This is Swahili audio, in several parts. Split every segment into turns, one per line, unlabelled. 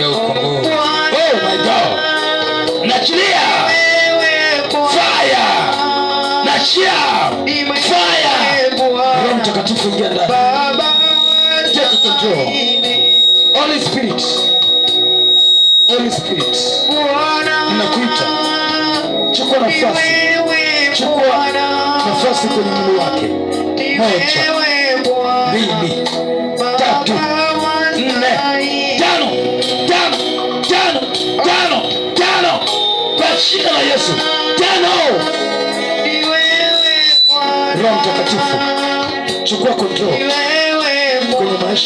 ya ukombozi. Oh my God, nachilia fire, nachia fire. Roho Mtakatifu ingia ndani, Holy Spirit, Holy Spirit, nakuita, chukua nafasi, chukua nafasi kwenye mwili wake. Moja, mbili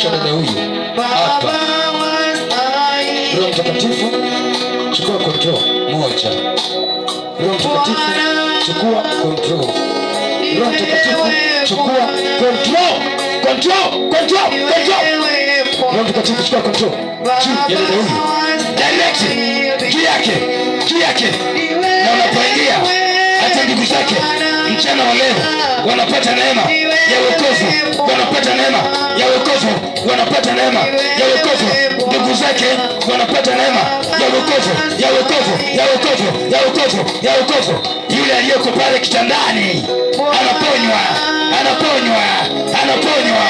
kumwezesha dada huyu hapa. Roho Mtakatifu chukua kontrol. Moja. Roho Mtakatifu chukua kontrol. Roho Mtakatifu chukua kontrol. Kontrol, kontrol, kontrol. Roho Mtakatifu chukua kontrol juu ya dada huyu, direct juu yake, juu yake wanapata neema ya wokovu, wanapata neema ya wokovu, wanapata neema ya wokovu, ndugu zake wanapata neema ya wokovu, ya wokovu, ya wokovu, ya wokovu, ya wokovu. Yule aliyoko pale kitandani anaponywa, anaponywa, anaponywa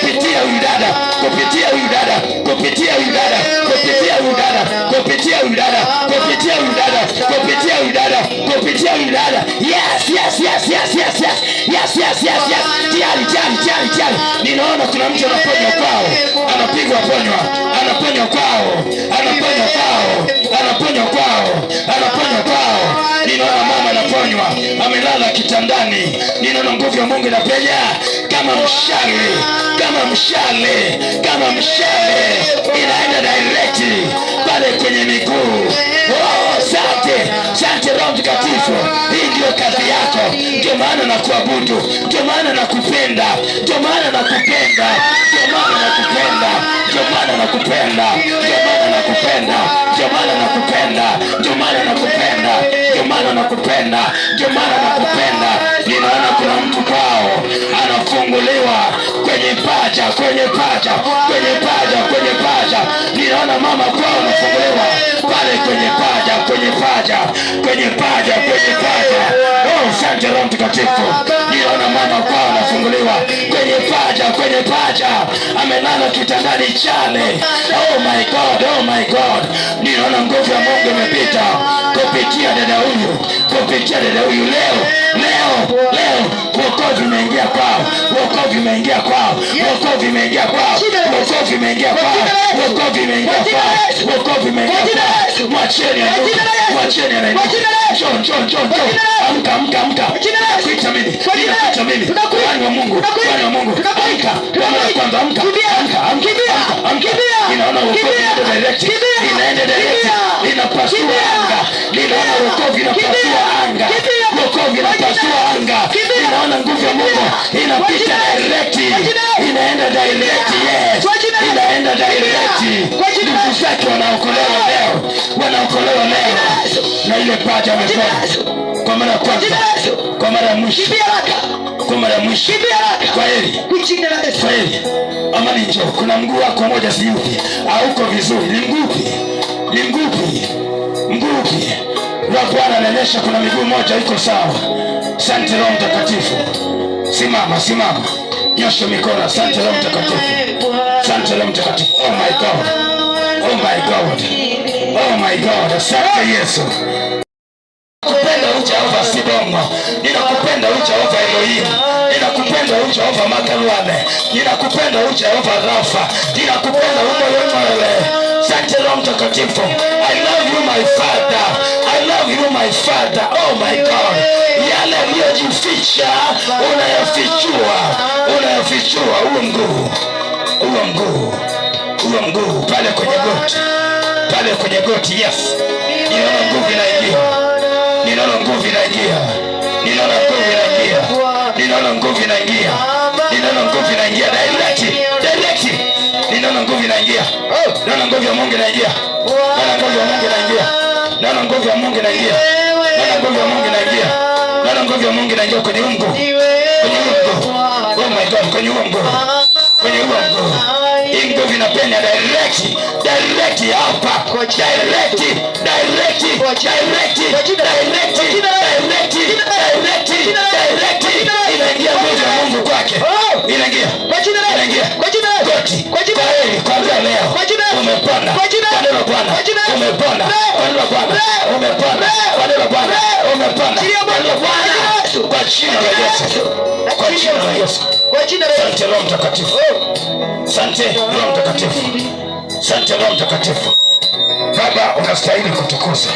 kupitia huyu dada kupitia huyu dada, kupitia huyu dada, kupitia huyu dada, kupitia huyu dada, kupitia huyu dada, kupitia huyu dada, kupitia huyu dada. Yes, yes, yes, yes, yes, yes, yes, yes, yes, yes. Tiari, tiari, tiari, tiari. Ninaona kuna mtu anaponywa kwao, anapigwa ponywa, anaponywa kwao, anaponywa kwao, anaponywa kwao, anaponywa kwao. Ninaona mama anaponywa, amelala kitandani. Ninaona nguvu ya Mungu inapenya kama mshale, kama mshale, kama mshale, inaenda direct pale kwenye miguu. Oh, sante, sante Roho Mtakatifu, hii ndio kazi yako. Ndio maana nakuabudu, ndio maana kupenda ndio maana kupenda ndio maana kupenda ndio maana kupenda ndio maana kupenda jomana nakupenda, jomana nakupenda, jomana nakupenda, jomana nakupenda. Ninaona kuna mtu kwao anafunguliwa kwenye paja, kwenye paja, kwenye paja, kwenye paja. Ninaona mama kwao anafunguliwa pale kwenye paja, kwenye paja, kwenye paja, kwenye paja. Oh, asante Roho Mtakatifu. Naona mama kwao anafunguliwa kwenye paja, kwenye paja, amelala kitandani chale. Oh my God, oh my God, ninaona nguvu ya Mungu imepita kupitia dada huyu, kupitia dada huyu leo, leo, leo wokovu imeingia kwao, wokovu imeingia kwao, wokovu imeingia kwao, wokovu imeingia kwao, wokovu imeingia kwao, wokovu imeingia kwao. Mwacheni, mwacheni, njoo, njoo, njoo, amka, amka, amka, kuita mimi nini? Tunakuita Mungu, tunakuita Mungu, tunakuita, tunakuita, amka, amka, kimbia, kimbia, ninaona wokovu unaenda direct, inaenda direct, linapasua anga, ninaona wokovu inapasua anga, wokovu inapasua anga, ninaona nguvu ya Mungu inapita direct, inaenda direct, yes, inaenda direct. Ndugu zake wanaokolewa leo, wanaokolewa leo na ile paja ametoa kwa mara ya kwanza, kwa mara ya mwisho kwa ya mwisho. Amani njoo, kuna mguu wako moja siupi auko vizuri, ni ngupi? ni ngupi? Ngupi? wa Bwana anaonyesha kuna miguu moja iko sawa. Asante Roho Mtakatifu, simama, simama, nyosha mikono. Asante Roho Mtakatifu, asante Roho Mtakatifu. Oh my God, oh my God, oh my God, asante Yesu. Mungu, ninakupenda u oh Jehova Elohim, ninakupenda u oh Jehova Makalwane, ninakupenda u oh Jehova Rafa, ninakupenda umoyemwele Sante Roho Mtakatifu, I love you my father, I love you my father, oh my God, yale aliyojificha unayafichua, unayafichua uwe mguu, uwe mguu, uwe mguu pale kwenye goti, pale kwenye goti, yes, inaona nguvu inaingia ninaona nguvu inaingia, ninaona nguvu inaingia, ninaona nguvu inaingia, ninaona nguvu inaingia, direct direct, ninaona nguvu inaingia, ninaona nguvu ya Mungu inaingia, ninaona nguvu ya Mungu inaingia, ninaona nguvu ya Mungu inaingia, ninaona nguvu ya Mungu inaingia, ninaona nguvu ya Mungu inaingia kwenye ungo, kwenye ungo, oh my God, kwenye ungo, kwenye ungo hii nguvu direct direct hapa direct direct inaingia nguvu ya Asante Roho Mtakatifu, asante Roho Mtakatifu, asante Roho Mtakatifu. Baba, unastahili kutukuzwa.